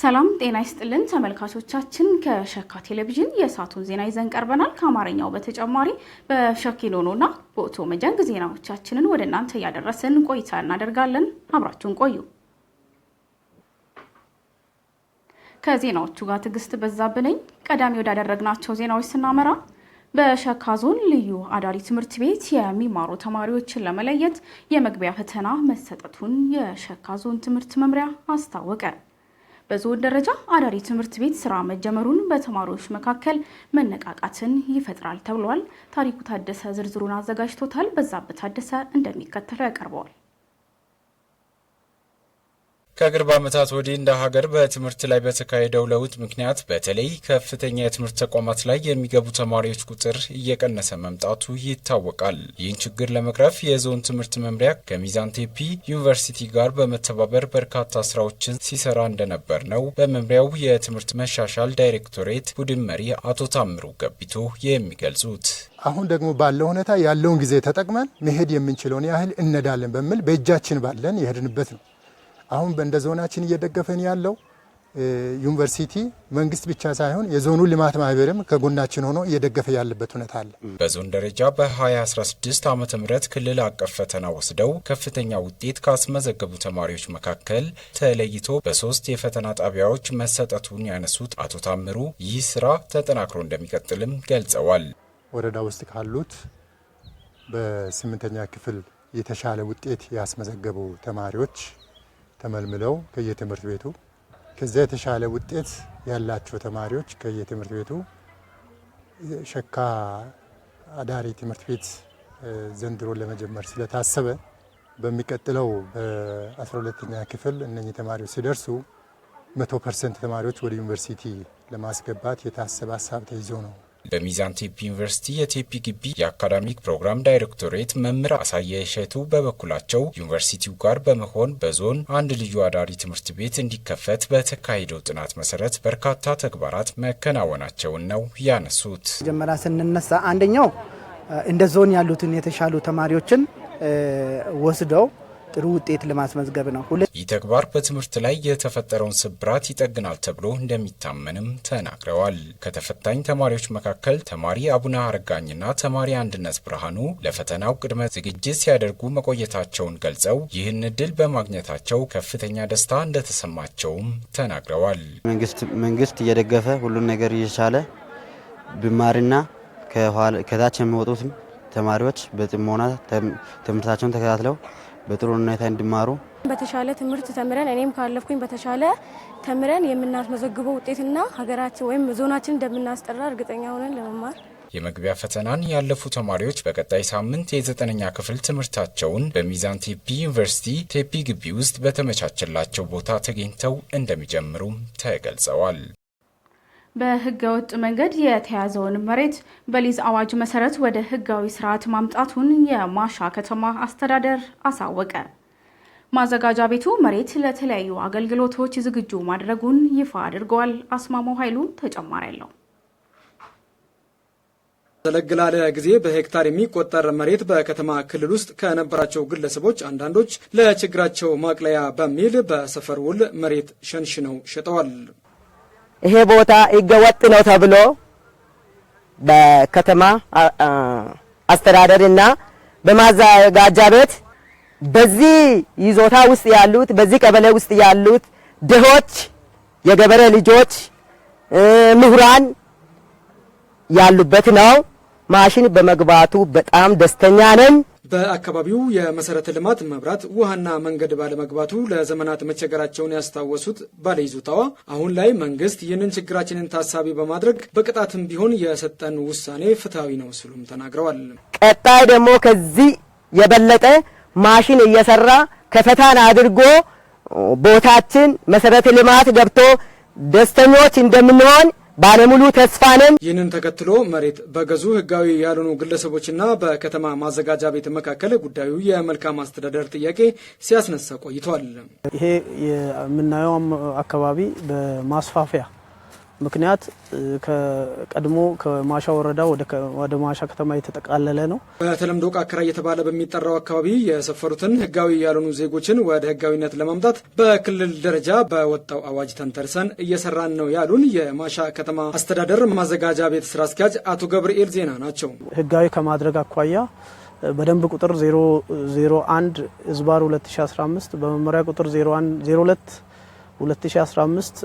ሰላም ጤና ይስጥልን ተመልካቾቻችን፣ ከሸካ ቴሌቪዥን የሰዓቱን ዜና ይዘን ቀርበናል። ከአማርኛው በተጨማሪ በሸኪኖኖና በኦቶ መጀንግ ዜናዎቻችንን ወደ እናንተ እያደረስን ቆይታ እናደርጋለን። አብራችሁን ቆዩ። ከዜናዎቹ ጋር ትዕግስት በዛብነኝ። ቀዳሚ ወዳደረግናቸው ዜናዎች ስናመራ በሸካ ዞን ልዩ አዳሪ ትምህርት ቤት የሚማሩ ተማሪዎችን ለመለየት የመግቢያ ፈተና መሰጠቱን የሸካ ዞን ትምህርት መምሪያ አስታወቀ። በዞን ደረጃ አዳሪ ትምህርት ቤት ስራ መጀመሩን በተማሪዎች መካከል መነቃቃትን ይፈጥራል ተብሏል። ታሪኩ ታደሰ ዝርዝሩን አዘጋጅቶታል። በዛብህ ታደሰ እንደሚከተለው ያቀርበዋል። ከቅርብ ዓመታት ወዲህ እንደ ሀገር በትምህርት ላይ በተካሄደው ለውጥ ምክንያት በተለይ ከፍተኛ የትምህርት ተቋማት ላይ የሚገቡ ተማሪዎች ቁጥር እየቀነሰ መምጣቱ ይታወቃል። ይህን ችግር ለመቅረፍ የዞን ትምህርት መምሪያ ከሚዛን ቴፒ ዩኒቨርሲቲ ጋር በመተባበር በርካታ ስራዎችን ሲሰራ እንደነበር ነው በመምሪያው የትምህርት መሻሻል ዳይሬክቶሬት ቡድን መሪ አቶ ታምሩ ገቢቶ የሚገልጹት። አሁን ደግሞ ባለው ሁኔታ ያለውን ጊዜ ተጠቅመን መሄድ የምንችለውን ያህል እነዳለን በሚል በእጃችን ባለን የሄድንበት ነው። አሁን እንደ ዞናችን እየደገፈን ያለው ዩኒቨርሲቲ መንግስት ብቻ ሳይሆን የዞኑ ልማት ማህበርም ከጎናችን ሆኖ እየደገፈ ያለበት ሁኔታ አለ። በዞን ደረጃ በ2016 ዓ ም ክልል አቀፍ ፈተና ወስደው ከፍተኛ ውጤት ካስመዘገቡ ተማሪዎች መካከል ተለይቶ በሶስት የፈተና ጣቢያዎች መሰጠቱን ያነሱት አቶ ታምሩ ይህ ስራ ተጠናክሮ እንደሚቀጥልም ገልጸዋል። ወረዳ ውስጥ ካሉት በስምንተኛ ክፍል የተሻለ ውጤት ያስመዘገቡ ተማሪዎች ተመልምለው ከየትምህርት ቤቱ ከዚያ የተሻለ ውጤት ያላቸው ተማሪዎች ከየትምህርት ቤቱ ሸካ አዳሪ ትምህርት ቤት ዘንድሮ ለመጀመር ስለታሰበ በሚቀጥለው በ12ኛ ክፍል እነኚህ ተማሪዎች ሲደርሱ መቶ ፐርሰንት ተማሪዎች ወደ ዩኒቨርሲቲ ለማስገባት የታሰበ ሀሳብ ተይዞ ነው በሚዛን ቴፒ ዩኒቨርሲቲ የቴፒ ግቢ የአካዳሚክ ፕሮግራም ዳይሬክቶሬት መምህር አሳየ እሸቱ በበኩላቸው ዩኒቨርሲቲው ጋር በመሆን በዞን አንድ ልዩ አዳሪ ትምህርት ቤት እንዲከፈት በተካሄደው ጥናት መሰረት በርካታ ተግባራት መከናወናቸውን ነው ያነሱት። መጀመሪያ ስንነሳ አንደኛው እንደ ዞን ያሉትን የተሻሉ ተማሪዎችን ወስደው ጥሩ ውጤት ለማስመዝገብ ነው። ይህ ተግባር በትምህርት ላይ የተፈጠረውን ስብራት ይጠግናል ተብሎ እንደሚታመንም ተናግረዋል። ከተፈታኝ ተማሪዎች መካከል ተማሪ አቡነ አረጋኝና ተማሪ አንድነት ብርሃኑ ለፈተናው ቅድመ ዝግጅት ሲያደርጉ መቆየታቸውን ገልጸው ይህን እድል በማግኘታቸው ከፍተኛ ደስታ እንደተሰማቸውም ተናግረዋል። መንግስት እየደገፈ ሁሉን ነገር እየቻለ ብማርና ከታች የሚወጡትም ተማሪዎች በጥሞና ትምህርታቸውን ተከታትለው በጥሩ ሁኔታ እንዲማሩ በተሻለ ትምህርት ተምረን እኔም ካለፍኩኝ በተሻለ ተምረን የምናስመዘግበው ውጤትና ሀገራችን ወይም ዞናችን እንደምናስጠራ እርግጠኛ ሆነን ለመማር የመግቢያ ፈተናን ያለፉ ተማሪዎች በቀጣይ ሳምንት የዘጠነኛ ክፍል ትምህርታቸውን በሚዛን ቴፒ ዩኒቨርሲቲ ቴፒ ግቢ ውስጥ በተመቻቸላቸው ቦታ ተገኝተው እንደሚጀምሩም ተገልጸዋል። በህገወጥ መንገድ የተያዘውን መሬት በሊዝ አዋጅ መሰረት ወደ ህጋዊ ስርዓት ማምጣቱን የማሻ ከተማ አስተዳደር አሳወቀ። ማዘጋጃ ቤቱ መሬት ለተለያዩ አገልግሎቶች ዝግጁ ማድረጉን ይፋ አድርገዋል። አስማማው ኃይሉ ተጨማሪ አለው። ዘለግላለ ጊዜ በሄክታር የሚቆጠር መሬት በከተማ ክልል ውስጥ ከነበራቸው ግለሰቦች አንዳንዶች ለችግራቸው ማቅለያ በሚል በሰፈር ውል መሬት ሸንሽነው ሸጠዋል። ይሄ ቦታ ሕገ ወጥ ነው ተብሎ በከተማ አስተዳደርና በማዘጋጃ ቤት በዚህ ይዞታ ውስጥ ያሉት በዚህ ቀበሌ ውስጥ ያሉት ድሆች፣ የገበረ ልጆች፣ ምሁራን ያሉበት ነው። ማሽን በመግባቱ በጣም ደስተኛ ነን። በአካባቢው የመሰረተ ልማት መብራት፣ ውሃና መንገድ ባለመግባቱ ለዘመናት መቸገራቸውን ያስታወሱት ባለይዞታዋ አሁን ላይ መንግስት ይህንን ችግራችንን ታሳቢ በማድረግ በቅጣትም ቢሆን የሰጠን ውሳኔ ፍትሐዊ ነው ሲሉም ተናግረዋል። ቀጣይ ደግሞ ከዚህ የበለጠ ማሽን እየሰራ ከፈታን አድርጎ ቦታችን መሰረተ ልማት ገብቶ ደስተኞች እንደምንሆን ባለሙሉ ተስፋ ነን። ይህንን ተከትሎ መሬት በገዙ ህጋዊ ያልሆኑ ግለሰቦችና በከተማ ማዘጋጃ ቤት መካከል ጉዳዩ የመልካም አስተዳደር ጥያቄ ሲያስነሳ ቆይቷል። ይሄ የምናየው አካባቢ በማስፋፊያ ምክንያት ከቀድሞ ከማሻ ወረዳ ወደ ማሻ ከተማ የተጠቃለለ ነው። በተለምዶ ቃከራ እየተባለ በሚጠራው አካባቢ የሰፈሩትን ህጋዊ ያልሆኑ ዜጎችን ወደ ህጋዊነት ለማምጣት በክልል ደረጃ በወጣው አዋጅ ተንተርሰን እየሰራን ነው ያሉን የማሻ ከተማ አስተዳደር ማዘጋጃ ቤት ስራ አስኪያጅ አቶ ገብርኤል ዜና ናቸው። ህጋዊ ከማድረግ አኳያ በደንብ ቁጥር 001 ህዝባር 2015 በመመሪያ ቁጥር 01 02 2015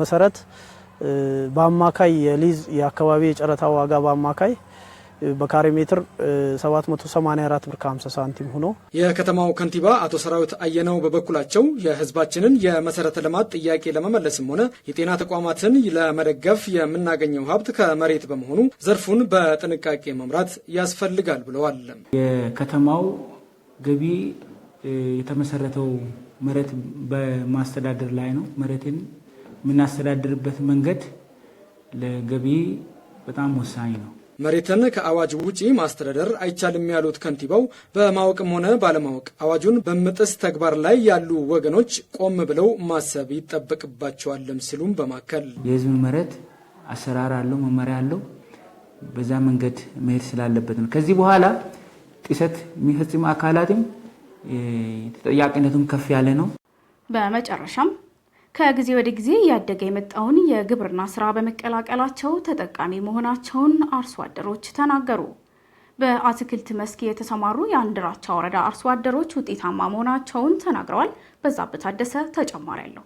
መሰረት በአማካይ የሊዝ የአካባቢ የጨረታ ዋጋ በአማካይ በካሬ ሜትር 784 ብር ከ50 ሳንቲም ሆኖ የከተማው ከንቲባ አቶ ሰራዊት አየነው በበኩላቸው የሕዝባችንን የመሰረተ ልማት ጥያቄ ለመመለስም ሆነ የጤና ተቋማትን ለመደገፍ የምናገኘው ሀብት ከመሬት በመሆኑ ዘርፉን በጥንቃቄ መምራት ያስፈልጋል ብለዋል። የከተማው ገቢ የተመሰረተው መሬት በማስተዳደር ላይ ነው። መሬትን የምናስተዳድርበት መንገድ ለገቢ በጣም ወሳኝ ነው። መሬትን ከአዋጅ ውጪ ማስተዳደር አይቻልም ያሉት ከንቲባው በማወቅም ሆነ ባለማወቅ አዋጁን በምጥስ ተግባር ላይ ያሉ ወገኖች ቆም ብለው ማሰብ ይጠበቅባቸዋልም ሲሉም በማከል የህዝብ መሬት አሰራር አለው፣ መመሪያ አለው። በዛ መንገድ መሄድ ስላለበት ነው። ከዚህ በኋላ ጥሰት የሚፈጽም አካላትም ተጠያቂነቱን ከፍ ያለ ነው። በመጨረሻም ከጊዜ ወደ ጊዜ እያደገ የመጣውን የግብርና ስራ በመቀላቀላቸው ተጠቃሚ መሆናቸውን አርሶ አደሮች ተናገሩ። በአትክልት መስክ የተሰማሩ የአንድራቻ ወረዳ አርሶ አደሮች ውጤታማ መሆናቸውን ተናግረዋል። በዛብህ ታደሰ ተጨማሪ አለው።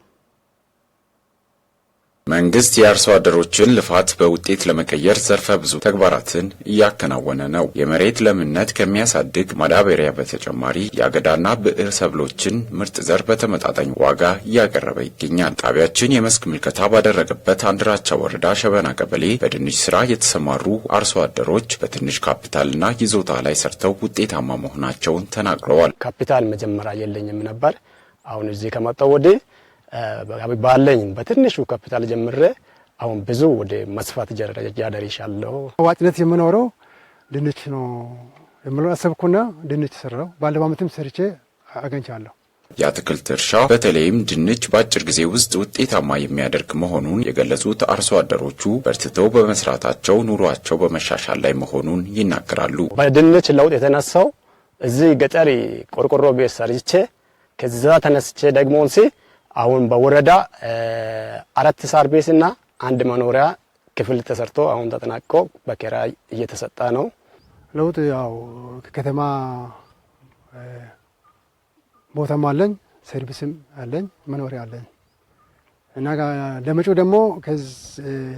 መንግስት የአርሶ አደሮችን ልፋት በውጤት ለመቀየር ዘርፈ ብዙ ተግባራትን እያከናወነ ነው። የመሬት ለምነት ከሚያሳድግ ማዳበሪያ በተጨማሪ የአገዳና ብዕር ሰብሎችን ምርጥ ዘር በተመጣጣኝ ዋጋ እያቀረበ ይገኛል። ጣቢያችን የመስክ ምልከታ ባደረገበት አንድራቻ ወረዳ ሸበና ቀበሌ በድንች ስራ የተሰማሩ አርሶ አደሮች በትንሽ ካፒታልና ይዞታ ላይ ሰርተው ውጤታማ መሆናቸውን ተናግረዋል። ካፒታል መጀመሪያ የለኝም ነበር። አሁን እዚህ ከመጣሁ ወዲህ ባለኝ በትንሹ ካፒታል ጀምሬ አሁን ብዙ ወደ መስፋት ያደርሻለሁ። አዋጭነት የምኖረው ድንች ነው የምለው አሰብኩና ድንች ሰራው። ባለፈው ዓመትም ሰርቼ አገኝቻለሁ። የአትክልት እርሻ በተለይም ድንች በአጭር ጊዜ ውስጥ ውጤታማ የሚያደርግ መሆኑን የገለጹት አርሶ አደሮቹ በርትተው በመስራታቸው ኑሯቸው በመሻሻል ላይ መሆኑን ይናገራሉ። በድንች ለውጥ የተነሳው እዚህ ገጠር ቆርቆሮ ቤት ሰርቼ ከዛ ተነስቼ ደግሞ ሲ አሁን በወረዳ አራት ሳር እና አንድ መኖሪያ ክፍል ተሰርቶ አሁን ተጠናቅቆ በኪራይ እየተሰጠ ነው። ለውጥ ያው ከተማ ቦታም አለኝ፣ ሰርቪስም አለኝ፣ መኖሪያ አለኝ እና ለመጪው ደግሞ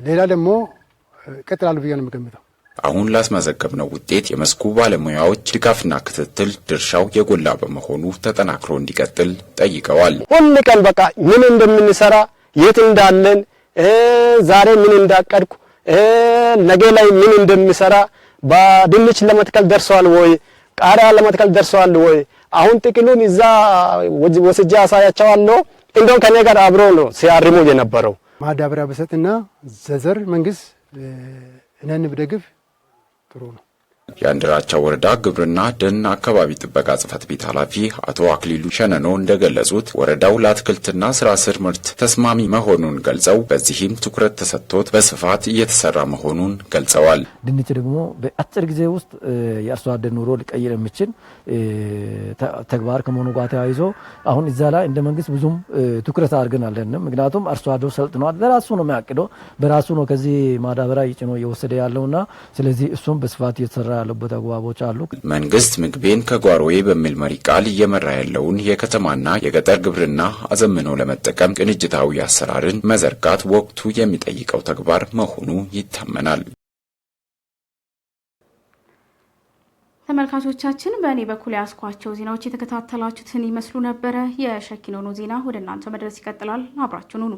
ሌላ ደግሞ ቀጥላሉ ብዬ ነው የምገምተው። አሁን ላስመዘገብነው ውጤት የመስኩ ባለሙያዎች ድጋፍና ክትትል ድርሻው የጎላ በመሆኑ ተጠናክሮ እንዲቀጥል ጠይቀዋል። ሁል ቀን በቃ ምን እንደምንሰራ የት እንዳለን ዛሬ ምን እንዳቀድኩ ነገ ላይ ምን እንደምሰራ በድንች ለመትከል ደርሰዋል ወይ ቃሪያ ለመትከል ደርሰዋል ወይ አሁን ጥቅሉን እዛ ወስጃ አሳያቸዋለሁ። እንደውም ከኔ ጋር አብሮ ነው ሲያርሙ የነበረው ማዳበሪያ በሰጥና ዘዘር መንግስት እነን ብደግፍ Corona. የአንድራቻ ወረዳ ግብርና ደን አካባቢ ጥበቃ ጽፈት ቤት ኃላፊ አቶ አክሊሉ ሸነኖ እንደገለጹት ወረዳው ለአትክልትና ስራ ስር ምርት ተስማሚ መሆኑን ገልጸው በዚህም ትኩረት ተሰጥቶት በስፋት እየተሰራ መሆኑን ገልጸዋል። ድንች ደግሞ በአጭር ጊዜ ውስጥ የአርሶ አደር ኑሮ ሊቀይር የሚችል ተግባር ከመሆኑ ጋር ተያይዞ አሁን እዛ ላይ እንደ መንግስት ብዙም ትኩረት አድርገን አለንም። ምክንያቱም አርሶ አደሩ ሰልጥኗል። በራሱ ነው የሚያቅደው፣ በራሱ ነው ከዚህ ማዳበሪያ ጭኖ እየወሰደ ያለውና ስለዚህ እሱም በስፋት እየተሰራ ያሉበት አግባቦች አሉ። መንግስት ምግቤን ከጓሮዬ በሚል መሪ ቃል እየመራ ያለውን የከተማና የገጠር ግብርና አዘምኖ ለመጠቀም ቅንጅታዊ አሰራርን መዘርጋት ወቅቱ የሚጠይቀው ተግባር መሆኑ ይታመናል። ተመልካቾቻችን በእኔ በኩል ያስኳቸው ዜናዎች የተከታተላችሁትን ይመስሉ ነበረ። የሸኪኖኑ ዜና ወደ እናንተ መድረስ ይቀጥላል። አብራችን ሁኑ።